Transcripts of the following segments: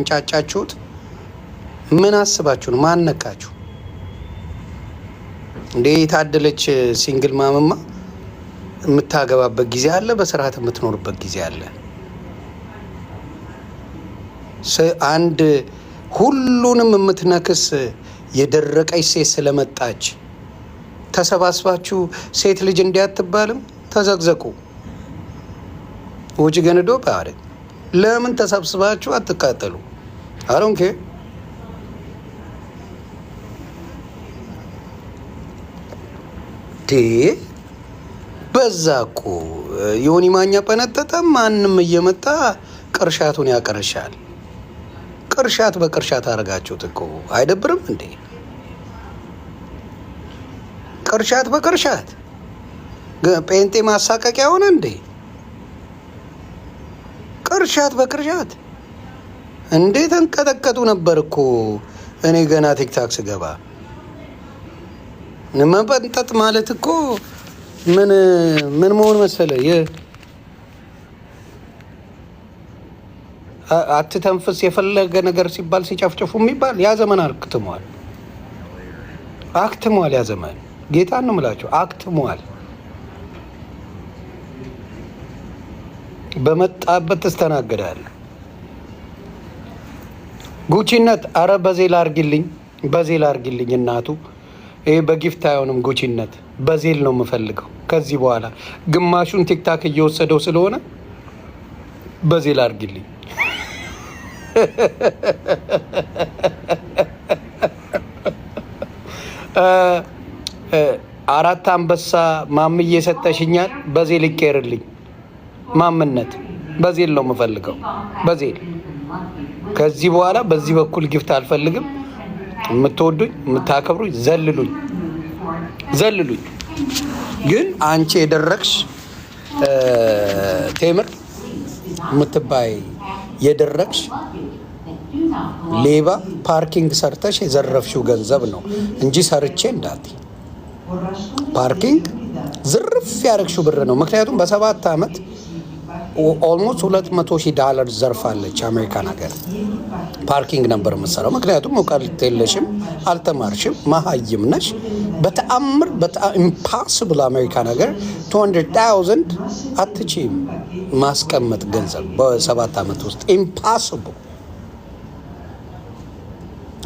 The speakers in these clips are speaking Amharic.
እንጫጫችሁት? ምን አስባችሁ ነው? ማን ነካችሁ እንዴ? የታደለች ሲንግል ማምማ የምታገባበት ጊዜ አለ፣ በስርዓት የምትኖርበት ጊዜ አለ። አንድ ሁሉንም የምትነክስ የደረቀች ሴት ስለመጣች ተሰባስባችሁ ሴት ልጅ እንዲያትባልም ተዘቅዘቁ ውጭ ገንዶ ባ ለምን ተሰብስባችሁ አትቃጠሉ? I don't care. በዛ እኮ የሆነ ማኛ በነጠጠ ማንም እየመጣ ቅርሻቱን ያቀርሻል። ቅርሻት በቅርሻት አድርጋችሁት እኮ አይደብርም እንዴ? ቅርሻት በቅርሻት ጴንጤ ማሳቀቂያ ሆነ እንዴ? ቅርሻት በቅርሻት እንዴት ተንቀጠቀጡ ነበር እኮ እኔ ገና ቲክታክ ስገባ። መመንጠጥ ማለት እኮ ምን ምን መሆን መሰለ፣ አትተንፍስ የፈለገ ነገር ሲባል ሲጨፍጭፉ የሚባል ያ ዘመን አክትሟል፣ አክትሟል። ያ ዘመን ጌታ ነው ምላቸው አክትሟል። በመጣበት ትስተናገዳለህ። ጉቺነት አረ በዜል አርግልኝ፣ በዜል አርግልኝ። እናቱ ይሄ በጊፍት አይሆንም። ጉቺነት በዜል ነው የምፈልገው ከዚህ በኋላ ግማሹን ቲክታክ እየወሰደው ስለሆነ በዜል አርግልኝ። አራት አንበሳ ማም እየሰጠሽኛል፣ በዜል ይቀርልኝ። ማምነት በዜል ነው የምፈልገው በዜል ከዚህ በኋላ በዚህ በኩል ጊፍት አልፈልግም። የምትወዱኝ የምታከብሩኝ፣ ዘልሉኝ ዘልሉኝ። ግን አንቺ የደረግሽ ቴምር የምትባይ የደረግሽ ሌባ ፓርኪንግ ሰርተሽ የዘረፍሽው ገንዘብ ነው እንጂ ሰርቼ እንዳት ፓርኪንግ ዝርፍ ያደረግሽው ብር ነው። ምክንያቱም በሰባት ዓመት ኦልሞስት ሁለት መቶ ሺህ ዳለር ዘርፋለች አሜሪካን ሀገር። ፓርኪንግ ነበር የምትሰራው። ምክንያቱም እውቀት የለሽም፣ አልተማርሽም፣ መሀይም ነሽ። በተአምር ኢምፓስብል አሜሪካን ሀገር ቱ ሀንድረድ ማስቀመጥ ገንዘብ በሰባት ዓመት ውስጥ ኢምፓስብል።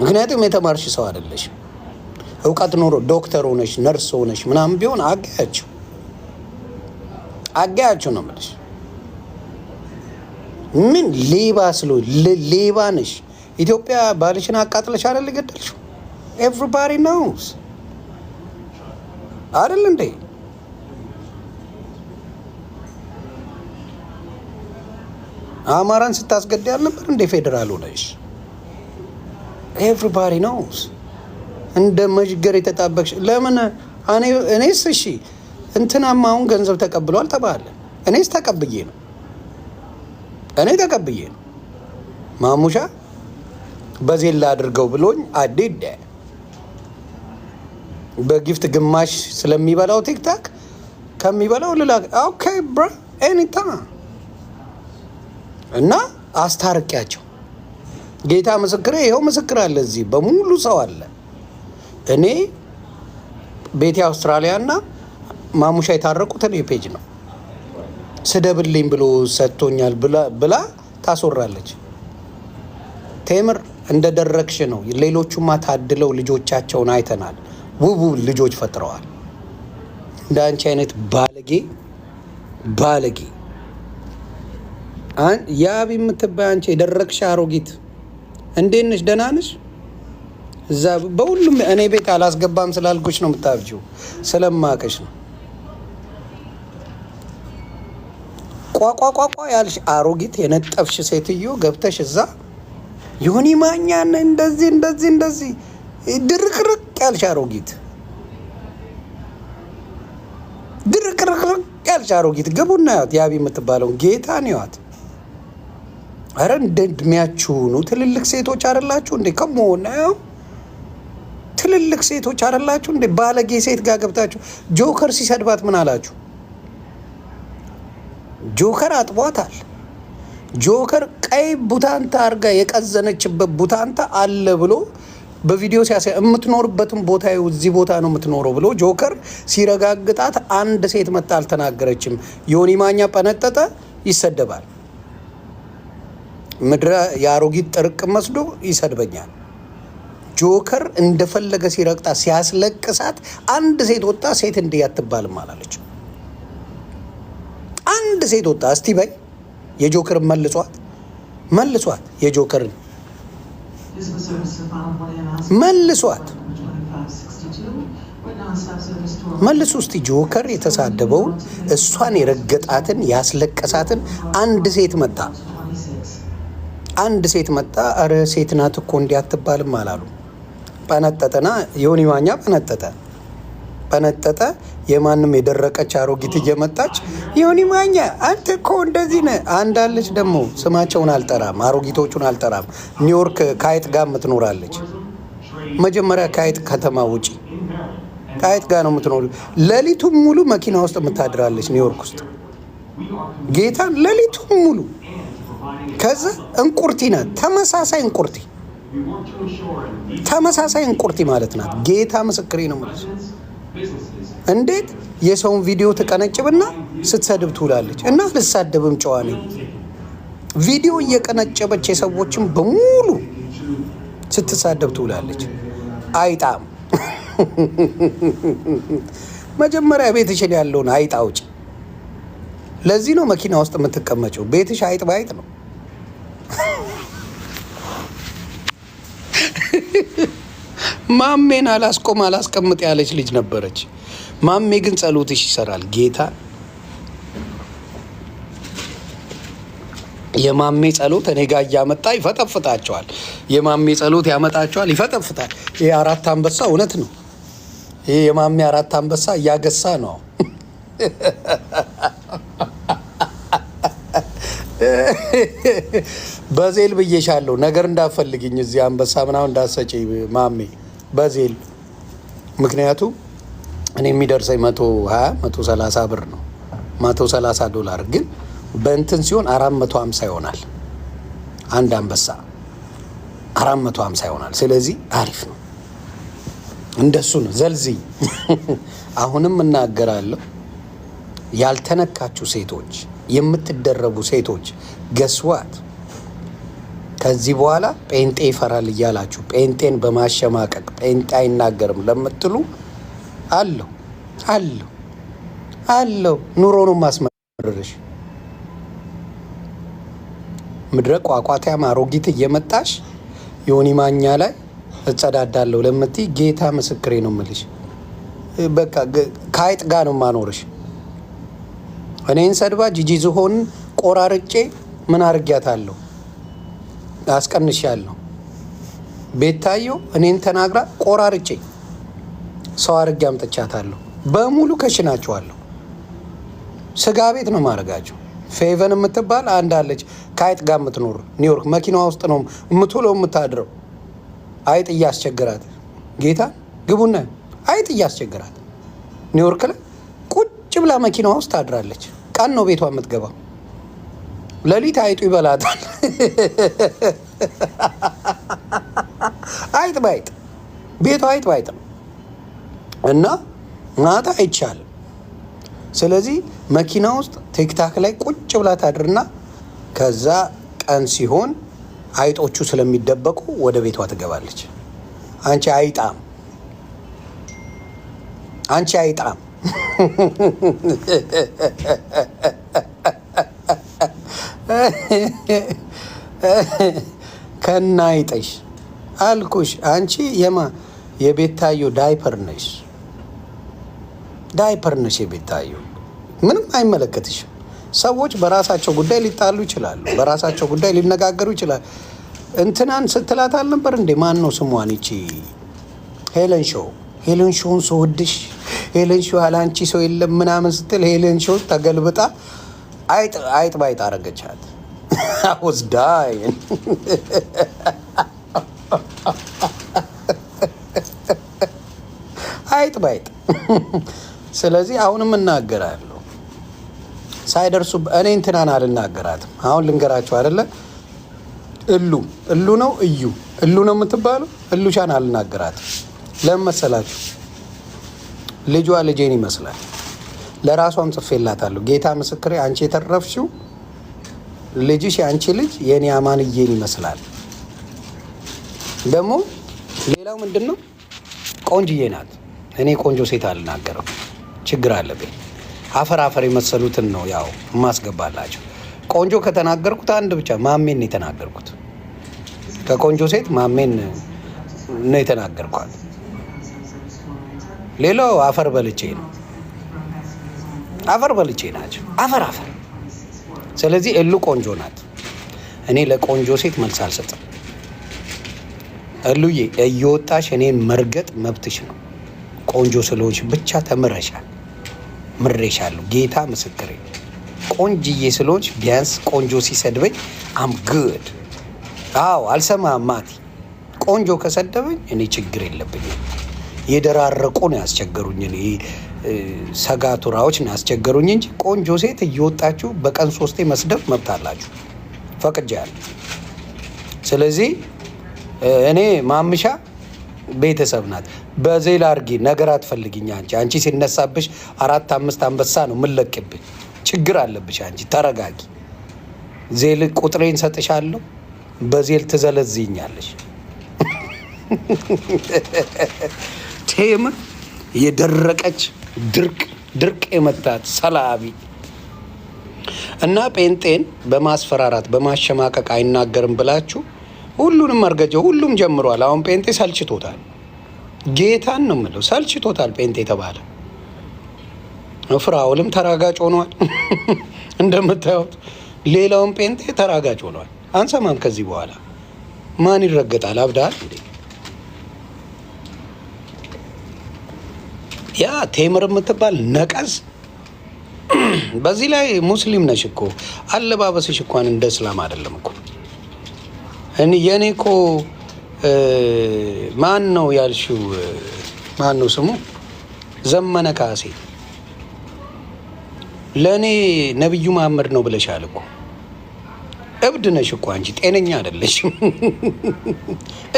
ምክንያቱም የተማርሽ ሰው አይደለሽም። እውቀት ኖሮ ዶክተር ሆነሽ ነርስ ሆነሽ ምናምን ቢሆን አጋያችሁ አጋያችሁ ነው የምልሽ። ምን ሌባ ስሎ ሌባ ነሽ። ኢትዮጵያ ባልሽን አቃጥለሽ አይደል ገደልሽው? ኤቭሪባዲ ነውስ አይደል እንዴ? አማራን ስታስገድ ያልነበር እንደ ፌዴራል ሆነሽ ኤቭሪባዲ ነውስ እንደ መዥገር የተጣበቅሽ ለምን? እኔስ እሺ እንትናማ አሁን ገንዘብ ተቀብሏል ተባለ። እኔስ ተቀብዬ ነው እኔ ተቀብዬ ነው ማሙሻ በዜላ አድርገው ብሎኝ አዴደ በጊፍት ግማሽ ስለሚበላው ቲክታክ ከሚበላው ልላ ኦኬ ብራ ኤኒታ እና አስታርቂያቸው። ጌታ ምስክሬ፣ ይኸው ምስክር አለ፣ እዚህ በሙሉ ሰው አለ። እኔ ቤቴ አውስትራሊያ እና ማሙሻ የታረቁት እኔ ፔጅ ነው። ስደብልኝ ብሎ ሰጥቶኛል ብላ ታስወራለች። ቴምር እንደ ደረክሽ ነው። ሌሎቹማ ታድለው ልጆቻቸውን አይተናል። ውቡ ልጆች ፈጥረዋል። እንደ አንቺ አይነት ባለጌ ባለጌ ያብ የምትባይ አንቺ የደረክሽ አሮጊት እንዴት ነሽ? ደህና ነሽ? እዛ በሁሉም እኔ ቤት አላስገባም ስላልኩሽ ነው የምታብጂው፣ ስለማቀሽ ነው። ቋቋቋቋ ያልሽ አሮጊት የነጠፍሽ ሴትዮ ገብተሽ እዛ ዮኒ ማኛን እንደዚህ እንደዚህ እንደዚህ ድርቅርቅ ያልሽ አሮጊት ድርቅርቅርቅ ያልሽ አሮጊት ግቡና ያት ያቢ የምትባለውን ጌታን ያዋት። አረ እንደ እድሜያችሁኑ ትልልቅ ሴቶች አይደላችሁ እንዴ? ከመሆነ ትልልቅ ሴቶች አይደላችሁ እንዴ? ባለጌ ሴት ጋር ገብታችሁ ጆከር ሲሰድባት ምን አላችሁ? ጆከር አጥቧታል። ጆከር ቀይ ቡታንታ አርጋ የቀዘነችበት ቡታንታ አለ ብሎ በቪዲዮ ሲያሳይ የምትኖርበትም ቦታ እዚህ ቦታ ነው የምትኖረው ብሎ ጆከር ሲረጋግጣት አንድ ሴት መጣ አልተናገረችም። ዮኒ ማኛ ጠነጠጠ፣ ይሰደባል። ምድረ የአሮጊት ጥርቅ መስዶ ይሰድበኛል። ጆከር እንደፈለገ ሲረግጣት ሲያስለቅሳት አንድ ሴት ወጣ ሴት እንዲህ አትባልም አላለችም። አንድ ሴት ወጣ እስቲ በይ የጆከርን መልሷት፣ መልሷት፣ የጆከርን መልሷት፣ መልሱ እስቲ ጆከር የተሳደበውን እሷን የረገጣትን ያስለቀሳትን አንድ ሴት መጣ አንድ ሴት መጣ። አረ ሴት ናት እኮ እንዲህ አትባልም አላሉ። ጠጠና የሆነ ማኛ ጠጠ ጠጠ የማንም የደረቀች አሮጊት እየመጣች ዮኒ ማኛ አንተ እኮ እንደዚህ ነህ አንዳለች። ደግሞ ስማቸውን አልጠራም፣ አሮጊቶቹን አልጠራም። ኒውዮርክ ከአይጥ ጋር የምትኖራለች። መጀመሪያ ከአይጥ ከተማ ውጪ ከአይጥ ጋር ነው የምትኖሩ። ሌሊቱን ሙሉ መኪና ውስጥ የምታድራለች ኒውዮርክ ውስጥ ጌታን፣ ሌሊቱን ሙሉ ከዛ እንቁርቲ ናት። ተመሳሳይ እንቁርቲ ተመሳሳይ እንቁርቲ ማለት ናት። ጌታ ምስክሬ ነው። እንዴት የሰውን ቪዲዮ ትቀነጭብና ስትሰድብ ትውላለች? እና ልሳደብም ጨዋ ነኝ። ቪዲዮ እየቀነጨበች የሰዎችን በሙሉ ስትሳደብ ትውላለች። አይጣም መጀመሪያ ቤትሽን ያለውን አይጥ ለዚህ ነው መኪና ውስጥ የምትቀመጨው። ቤትሽ አይጥ በአይጥ ነው። ማሜን አላስቆም አላስቀምጥ ያለች ልጅ ነበረች። ማሜ ግን ጸሎትሽ ይሰራል። ጌታ የማሜ ጸሎት እኔ ጋር እያመጣ ይፈጠፍጣቸዋል። የማሜ ጸሎት ያመጣቸዋል፣ ይፈጠፍጣል። ይህ አራት አንበሳ እውነት ነው። ይህ የማሜ አራት አንበሳ እያገሳ ነው። በዜል ብዬሻለሁ፣ ነገር እንዳፈልግኝ እዚህ አንበሳ ምናምን እንዳሰጪ ማሜ በዜል ምክንያቱም እኔ የሚደርሰኝ መቶ ሀያ መቶ ሰላሳ ብር ነው መቶ ሰላሳ ዶላር ግን በእንትን ሲሆን አራት መቶ ሀምሳ ይሆናል። አንድ አንበሳ አራት መቶ ሀምሳ ይሆናል። ስለዚህ አሪፍ ነው። እንደሱ ነው። ዘልዝይ አሁንም እናገራለሁ። ያልተነካችሁ ሴቶች፣ የምትደረቡ ሴቶች ገስዋት ከዚህ በኋላ ጴንጤ ይፈራል እያላችሁ ጴንጤን በማሸማቀቅ ጴንጤ አይናገርም ለምትሉ አለው አለው አለው ኑሮኑ ነው ምድረ ቋቋቲያም አሮጊት እየመጣሽ የሆኒ ማኛ ላይ እጸዳዳለሁ ለምትይ ጌታ ምስክሬ ነው ምልሽ። በቃ ከአይጥ ጋር ነው ማኖርሽ። እኔን ሰድባ ጂጂ ዝሆን ቆራርጬ ምን አርጊያታለሁ? አስቀንሻለሁ። ቤታየው እኔን ተናግራ ቆራርጬ ሰው አድርጌ አምጥቻታለሁ። በሙሉ ከሽናችኋለሁ። ስጋ ቤት ነው ማድረጋቸው። ፌቨን የምትባል አንድ አለች፣ ከአይጥ ጋር የምትኖር ኒውዮርክ። መኪና ውስጥ ነው የምትውለው የምታድረው። አይጥ እያስቸገራት ጌታ ግቡነ አይጥ እያስቸገራት ኒውዮርክ ላይ ቁጭ ብላ መኪናዋ ውስጥ ታድራለች። ቀን ነው ቤቷ የምትገባው። ለሊት አይጡ ይበላታል። አይጥ ባይጥ ቤቷ አይጥ ባይጥ እና ማታ አይቻልም። ስለዚህ መኪና ውስጥ ቲክታክ ላይ ቁጭ ብላ ታድርና ከዛ ቀን ሲሆን አይጦቹ ስለሚደበቁ ወደ ቤቷ ትገባለች። አንቺ አይጣም፣ አንቺ አይጣም ከናይጠሽ አልኩሽ። አንቺ የማ የቤታዩ ዳይፐር ነሽ፣ ዳይፐር ነሽ የቤታዩ። ምንም አይመለከትሽም። ሰዎች በራሳቸው ጉዳይ ሊጣሉ ይችላሉ፣ በራሳቸው ጉዳይ ሊነጋገሩ ይችላሉ። እንትናን ስትላት አልነበር እንዴ? ማን ነው ስሟን? ይቺ ሄለን ሾው ሄለን ሾውን ሰውድሽ ሄለን ሾው አላንቺ ሰው የለም ምናምን ስትል ሄለን ሾው ተገልብጣ አይጥ አይጥ ባይጥ አረገቻት። አውስ ዳይ አይጥ ባይጥ። ስለዚህ አሁንም እናገራለሁ ሳይደርሱ እኔ እንትናን አልናገራትም። አሁን ልንገራችሁ አይደለ እሉ እሉ ነው እዩ እሉ ነው የምትባለው። እሉሻን አልናገራትም። ለምን መሰላችሁ? ልጇ ልጄን ይመስላል። ለራሷም ጽፌላታለሁ። ጌታ ምስክሬ፣ አንቺ የተረፍሽው ልጅሽ የአንቺ ልጅ የኔ አማንዬን ይመስላል። ደግሞ ሌላው ምንድን ነው? ቆንጅዬ ናት። እኔ ቆንጆ ሴት አልናገረው ችግር አለብኝ። አፈር አፈር የመሰሉትን ነው ያው የማስገባላቸው። ቆንጆ ከተናገርኩት አንድ ብቻ ማሜን ነው የተናገርኩት። ከቆንጆ ሴት ማሜን ነው የተናገርኳት። ሌላው አፈር በልቼ ነው። አፈር በልቼ ናቸው አፈር አፈር። ስለዚህ እሉ ቆንጆ ናት። እኔ ለቆንጆ ሴት መልስ አልሰጥም። እሉዬ እየወጣሽ እኔን መርገጥ መብትሽ ነው። ቆንጆ ስለሆንሽ ብቻ ተምረሻል። ምሬሻለሁ። ጌታ ምስክሬ። ቆንጅዬ ስለሆንሽ ቢያንስ ቆንጆ ሲሰድበኝ አም ግድ አዎ፣ አልሰማህም ማቲ። ቆንጆ ከሰደበኝ እኔ ችግር የለብኝም። የደራረቁ ነው ያስቸገሩኝ እኔ ሰጋቱራዎች ነው ያስቸገሩኝ እንጂ ቆንጆ ሴት እየወጣችሁ በቀን ሶስቴ መስደብ መብት አላችሁ፣ ፈቅጃለሁ። ስለዚህ እኔ ማምሻ ቤተሰብ ናት። በዜላ አርጊ ነገር አትፈልግኝ አንቺ አንቺ ሲነሳብሽ አራት አምስት አንበሳ ነው ምለቅብኝ። ችግር አለብሽ አንቺ ተረጋጊ። ዜል ቁጥሬን ሰጥሻለሁ። በዜል ትዘለዝኛለሽ። ቴም የደረቀች ድርቅ ድርቅ የመታት ሰላቢ እና ጴንጤን በማስፈራራት በማሸማቀቅ አይናገርም ብላችሁ ሁሉንም አርገጀው ሁሉም ጀምሯል። አሁን ጴንጤ ሰልችቶታል። ጌታን ነው የምለው ሰልችቶታል። ጴንጤ የተባለ ፍራውልም ተራጋጭ ሆኗል። እንደምታዩት ሌላውን ጴንጤ ተራጋጭ ሆኗል። አንሰማም ከዚህ በኋላ ማን ይረገጣል? አብዳል እንዴ! ያ ቴምር የምትባል ነቀዝ። በዚህ ላይ ሙስሊም ነሽ እኮ አለባበስሽ እንኳን እንደ እስላም አይደለም እኮ የእኔ እኮ ማን ነው ያልሽው? ማን ነው ስሙ? ዘመነ ካሴ ለእኔ ነቢዩ መሐመድ ነው ብለሻል እኮ። እብድ ነሽ እኮ አንቺ፣ ጤነኛ አይደለሽም።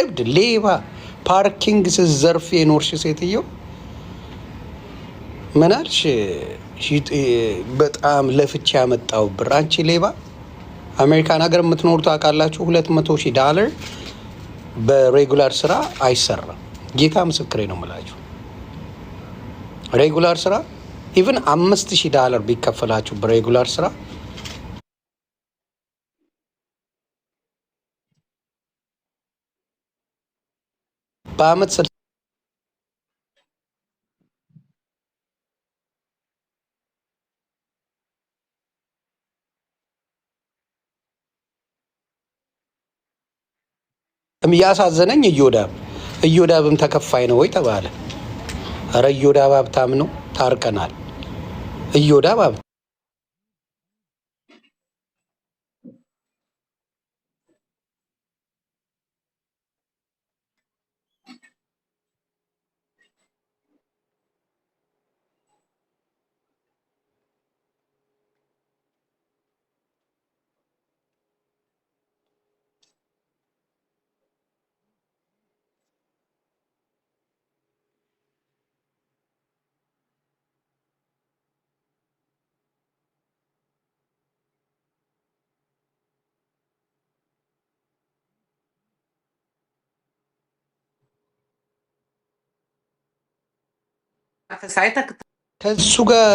እብድ፣ ሌባ፣ ፓርኪንግ ስዘርፍ የኖርሽ ሴትየው ምን አልሽ? በጣም ለፍቼ ያመጣው ብር። አንቺ ሌባ! አሜሪካን ሀገር የምትኖሩ ታውቃላችሁ። ሁለት መቶ ሺህ ዳለር በሬጉላር ስራ አይሰራም። ጌታ ምስክሬ ነው የምላችሁ። ሬጉላር ስራ ኢቭን አምስት ሺህ ዳለር ቢከፈላችሁ በሬጉላር ስራ በአመት የሚያሳዘነኝ እዮዳብ እዮዳብም ተከፋይ ነው ወይ ተባለ። እረ እዮዳብ ሀብታም ነው። ታርቀናል። እዮዳብ ከሱ ጋር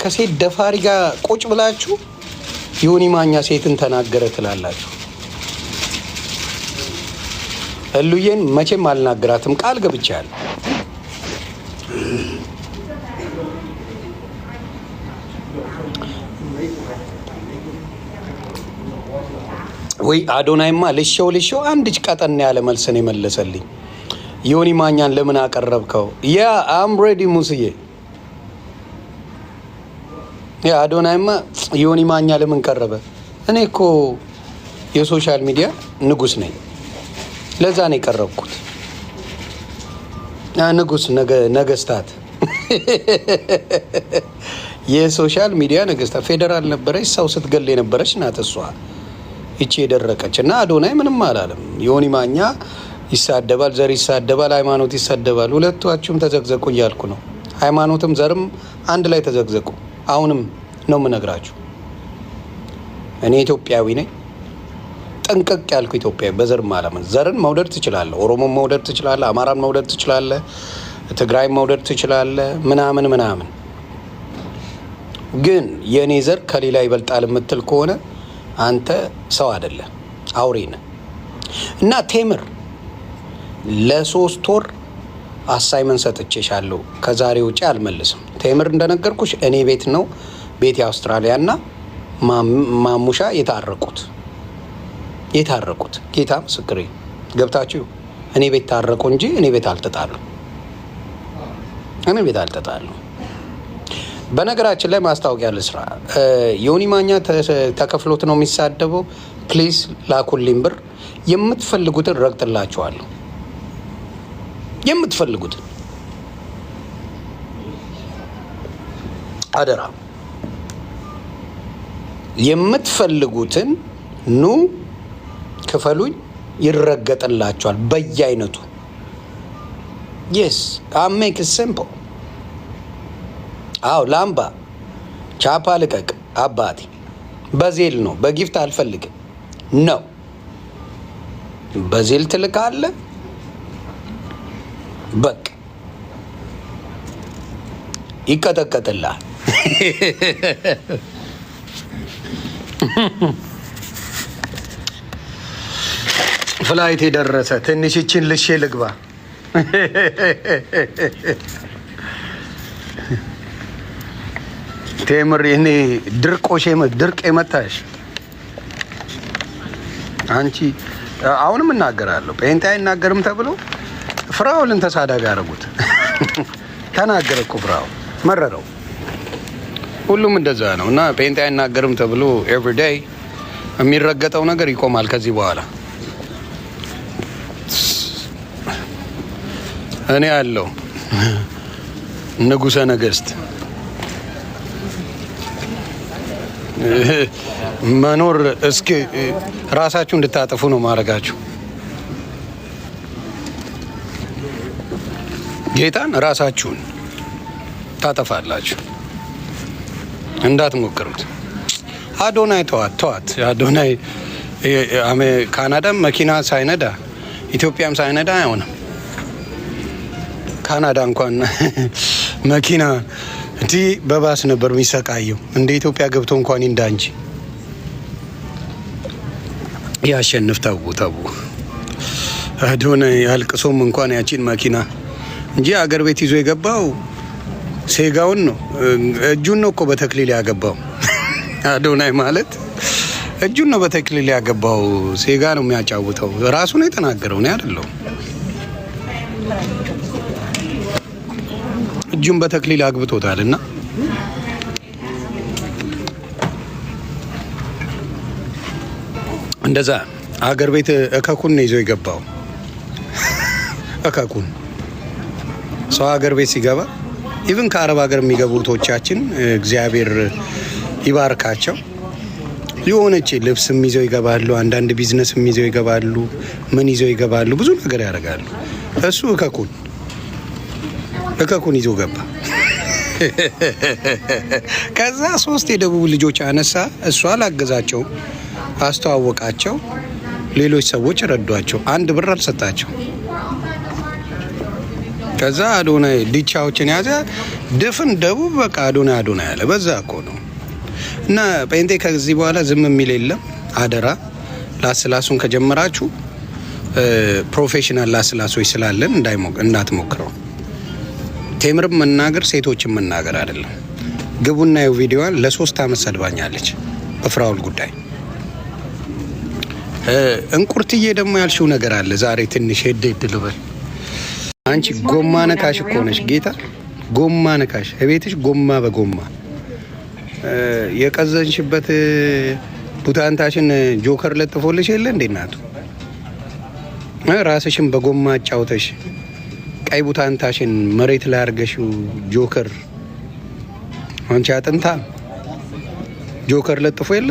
ከሴት ደፋሪ ጋር ቁጭ ብላችሁ ዮኒ ማኛ ሴትን ተናገረ ትላላችሁ። እሉዬን መቼም አልናገራትም ቃል ገብቻለሁ። ወይ አዶናይማ ልሸው ልሸው አንድ ቀጠን ያለ መልስ የመለሰልኝ። ዮኒ ማኛን ለምን አቀረብከው? ያ አም ሬዲ ሙስዬ ያ አዶናይማ ዮኒ ማኛ ለምን ቀረበ? እኔ እኮ የሶሻል ሚዲያ ንጉስ ነኝ። ለዛ ነው የቀረብኩት። ንጉስ ነገስታት የሶሻል ሚዲያ ነገስታት ፌዴራል ነበረች። ሰው ስትገል የነበረች ናት እሷ ይቺ የደረቀች እና አዶናይ ምንም አላለም ዮኒ ማኛ ይሳደባል፣ ዘር ይሳደባል፣ ሃይማኖት ይሳደባል። ሁለታችሁም ተዘግዘቁ እያልኩ ነው። ሃይማኖትም ዘርም አንድ ላይ ተዘግዘቁ። አሁንም ነው የምነግራችሁ። እኔ ኢትዮጵያዊ ነኝ፣ ጠንቀቅ ያልኩ ኢትዮጵያዊ። በዘር ማለምን ዘርን መውደድ ትችላለህ፣ ኦሮሞን መውደድ ትችላለህ፣ አማራን መውደድ ትችላለህ፣ ትግራይን መውደድ ትችላለህ፣ ምናምን ምናምን። ግን የእኔ ዘር ከሌላ ይበልጣል የምትል ከሆነ አንተ ሰው አይደለም፣ አውሬ ነህ እና ቴምር ለሶስት ወር አሳይመንት ሰጥቼሻለሁ። ከዛሬ ውጭ አልመልስም። ቴምር እንደነገርኩሽ እኔ ቤት ነው ቤት የአውስትራሊያና ማሙሻ የታረቁት የታረቁት ጌታ ምስክሬ ገብታችሁ እኔ ቤት ታረቁ እንጂ እኔ ቤት አልተጣሉ እኔ ቤት አልተጣሉ። በነገራችን ላይ ማስታወቂያ ልስራ። ዮኒ ማኛ ተከፍሎት ነው የሚሳደበው። ፕሊዝ ላኩልኝ ብር፣ የምትፈልጉትን ረግጥላችኋለሁ። የምትፈልጉትን አደራ የምትፈልጉትን ኑ ክፈሉኝ፣ ይረገጥላቸዋል በየአይነቱ። የስ አሜክ ሲምፕል። አዎ ላምባ ቻፓ ልቀቅ አባቴ። በዜል ነው፣ በጊፍት አልፈልግም ነው። በዜል ትልካለህ። በቅ ይቀጠቀጥላል። ፍላይት የደረሰ ትንሽ ይችን ልሼ ልግባ። ቴምር እኔ ድርቆሽ ድርቅ የመታሽ አንቺ አሁንም እናገራለሁ። ጴንጤ አይናገርም ተብሎ ፍራውልን ተሳዳቢ ያደረጉት ተናገረ እኮ ፍራው መረረው። ሁሉም እንደዛ ነው እና ጴንጤ አይናገርም ተብሎ ኤቭሪዴይ የሚረገጠው ነገር ይቆማል ከዚህ በኋላ እኔ አለው ንጉሰ ነገስት መኖር እስኪ ራሳችሁ እንድታጠፉ ነው ማድረጋችሁ። ጌታን ራሳችሁን ታጠፋላችሁ። እንዳትሞክሩት። አዶናይ ተዋት፣ ተዋት። አዶናይ ካናዳም መኪና ሳይነዳ ኢትዮጵያም ሳይነዳ አይሆንም። ካናዳ እንኳን መኪና እንዲ በባስ ነበር የሚሰቃየው። እንደ ኢትዮጵያ ገብቶ እንኳን ይንዳ እንጂ ያሸንፍ። ተው ተው፣ አዶናይ አልቅሶም እንኳን ያቺን መኪና እንጂ አገር ቤት ይዞ የገባው ሴጋውን ነው፣ እጁን ነው እኮ በተክሊል ያገባው። አዶናይ ማለት እጁን ነው በተክሊል ያገባው። ሴጋ ነው የሚያጫውተው። ራሱ ነው የተናገረው፣ እኔ አይደለሁም። እጁን በተክሊል አግብቶታል እና እንደዛ አገር ቤት እከኩን ነው ይዞ የገባው እከኩን ሰው ሀገር ቤት ሲገባ ኢቭን ከአረብ ሀገር የሚገቡ እህቶቻችን እግዚአብሔር ይባርካቸው። የሆነች ልብስም ይዘው ይገባሉ፣ አንዳንድ ቢዝነስም ይዘው ይገባሉ፣ ምን ይዘው ይገባሉ፣ ብዙ ነገር ያደርጋሉ። እሱ እከኩን እከኩን ይዞ ገባ። ከዛ ሶስት የደቡብ ልጆች አነሳ። እሱ አላገዛቸውም፣ አስተዋወቃቸው። ሌሎች ሰዎች ረዷቸው። አንድ ብር አልሰጣቸው። ከዛ አዶናይ ዲቻዎችን ያዘ። ድፍን ደቡብ በቃ አዶናይ አዶናይ ያለ በዛ እኮ ነው። እና ጴንጤ ከዚህ በኋላ ዝም የሚል የለም። አደራ ላስላሱን ከጀመራችሁ ፕሮፌሽናል ላስላሶች ስላለን እንዳትሞክረው። ቴምርም መናገር ሴቶችን መናገር አይደለም። ግቡና የው ቪዲዮዋን ለሶስት አመት ሰድባኛለች በፍራውል ጉዳይ። እንቁርትዬ ደግሞ ያልሽው ነገር አለ ዛሬ ትንሽ ሄድ ሄድ ልበል አንቺ ጎማ ነካሽ እኮ ነሽ ጌታ፣ ጎማ ነካሽ። እቤትሽ ጎማ በጎማ የቀዘንሽበት ቡታንታሽን ጆከር ለጥፎልሽ የለ እንዴ እናቱ። ራስሽን በጎማ አጫውተሽ ቀይ ቡታንታሽን መሬት ላይ አድርገሽው ጆከር። አንቺ አጥንታ ጆከር ለጥፎ የለ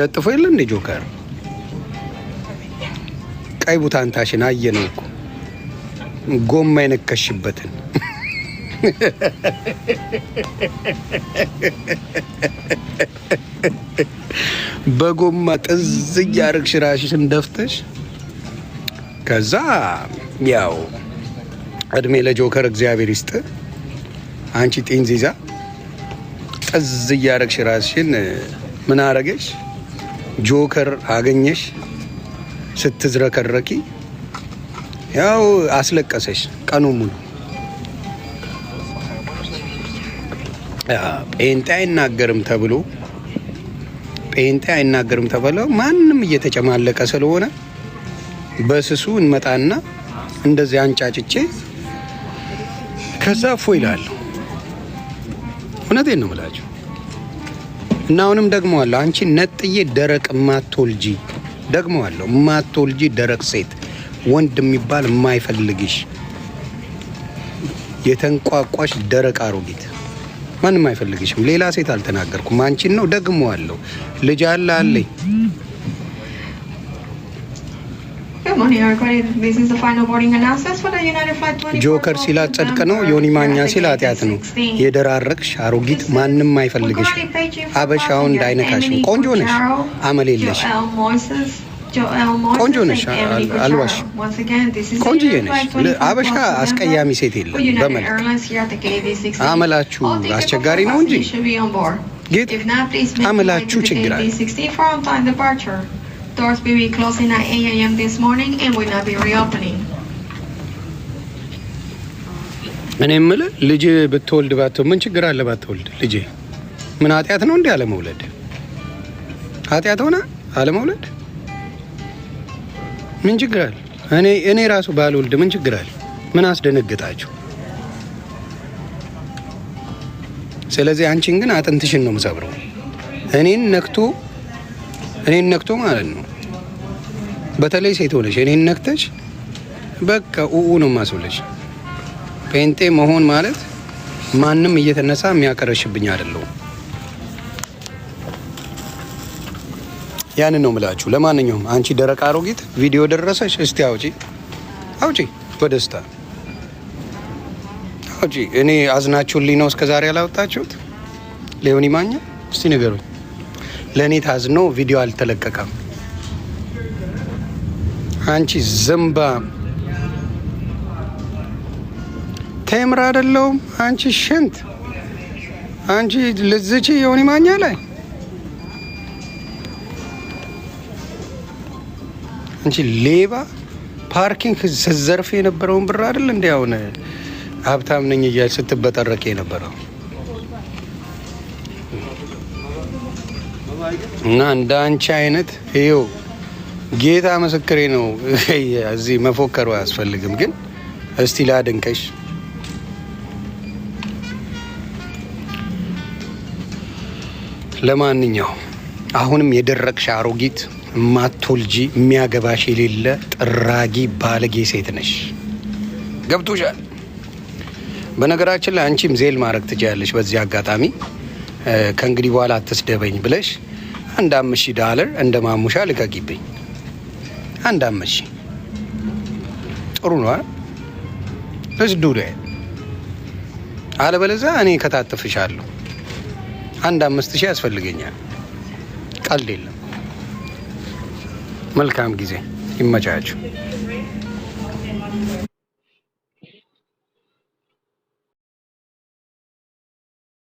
ለጥፎ የለ እንዴ ጆከር ቀይ ቡታንታሽን አየነው እኮ ጎማ የነከሽበትን በጎማ ጥዝ እያደረግሽ ራስሽን ደፍተሽ ከዛ ያው እድሜ ለጆከር እግዚአብሔር ይስጥ። አንቺ ጤንዚዛ ጥዝ እያደረግሽ ራስሽን ምን አረገሽ? ጆከር አገኘሽ። ስትዝረከረኪ ያው አስለቀሰች ቀኑ ሙሉ። ጴንጤ አይናገርም ተብሎ ጴንጤ አይናገርም ተብሎ ማንም እየተጨማለቀ ስለሆነ በስሱ እንመጣና እንደዚህ አንጫጭቼ ከዛ ፎ ይላሉ። እውነቴን ነው የምላችሁ። እና አሁንም ደግሞ አለ አንቺ ነጥዬ ደረቅ ማቶልጂ ደግሞ አለው ልጅ ደረቅ ሴት ወንድ የሚባል የማይፈልግሽ የተንቋቋሽ ደረቅ አሮጊት ማንም አይፈልግሽም። ሌላ ሴት አልተናገርኩም። አንቺን ነው ደግሞ አለው ልጅ አለ አለኝ ጆከር ሲላት ጸድቅ ነው። ዮኒ ማኛ ሲል ኃጢአት ነው። የደራረቅሽ አሮጊት፣ ማንም አይፈልግሽ። አበሻውን እንዳይነካሽም ቆንጆ ነሽ፣ አመል የለሽ ቆንጆ ነሽ፣ አልዋሽ ቆንጆዬ ነሽ። አበሻ አስቀያሚ ሴት የለም በመልክ አመላችሁ አስቸጋሪ ነው እንጂ ጌጥ አመላችሁ ችግር አለ። Doors will be closing at 8 a.m. this morning and will not be reopening. እኔ የምልህ ልጅ ብትወልድ ባትወልድ ምን ችግር አለ? ባትወልድ ልጄ ምን ኃጢአት ነው? እንዴ አለመውለድ ኃጢአት ሆነ አለመውለድ ምን ችግር አለ? እኔ እኔ ራሱ ባልወልድ ምን ችግር አለ? ምን አስደነግጣችሁ? ስለዚህ አንቺን ግን አጥንትሽን ነው የምሰብረው። እኔን ነክቶ እኔን ነክቶ ማለት ነው። በተለይ ሴት ሆነሽ እኔን ነክተሽ በቃ ኡኡ ነው የማስብለሽ። ጴንጤ መሆን ማለት ማንም እየተነሳ የሚያቀረሽብኝ አይደለሁም። ያንን ነው ምላችሁ። ለማንኛውም አንቺ ደረቅ አሮጊት ቪዲዮ ደረሰሽ፣ እስቲ አውጪ አውጪ፣ በደስታ አውጪ። እኔ አዝናችሁልኝ ነው እስከዛሬ ያላወጣችሁት። ሊሆን ይማኛል። እስቲ ንገሩኝ። ለእኔ ታዝኖ ቪዲዮ አልተለቀቀም። አንቺ ዝምባ ቴምር አይደለውም አንቺ ሽንት አንቺ ልዝቺ የሆኒ ማኛ ላይ አንቺ ሌባ ፓርኪንግ ስትዘርፍ የነበረውን ብር አይደል እንዲ ሀብታም ነኝ እያል ስትበጠረቅ የነበረው እና እንደ አንቺ አይነት ይኸው ጌታ ምስክሬ ነው። እዚህ መፎከሩ አያስፈልግም። ግን እስቲ ላድንቀሽ። ለማንኛው አሁንም የደረቅሽ አሮጊት ማቶልጂ የሚያገባሽ የሌለ ጥራጊ ባለጌ ሴት ነሽ። ገብቶሻል። በነገራችን ላይ አንቺም ዜል ማድረግ ትችያለሽ። በዚህ አጋጣሚ ከእንግዲህ በኋላ አትስደበኝ ብለሽ አንድ አምስት ሺህ ዳለር እንደ ማሙሻ ልቀቂብኝ። አንድ አምስት ሺህ ጥሩ ነው። ለዝዱ ላይ አለበለዚያ እኔ ከታተፍሻለሁ። አንድ አምስት ሺህ ያስፈልገኛል። ቀልድ የለም። መልካም ጊዜ ይመቻችሁ።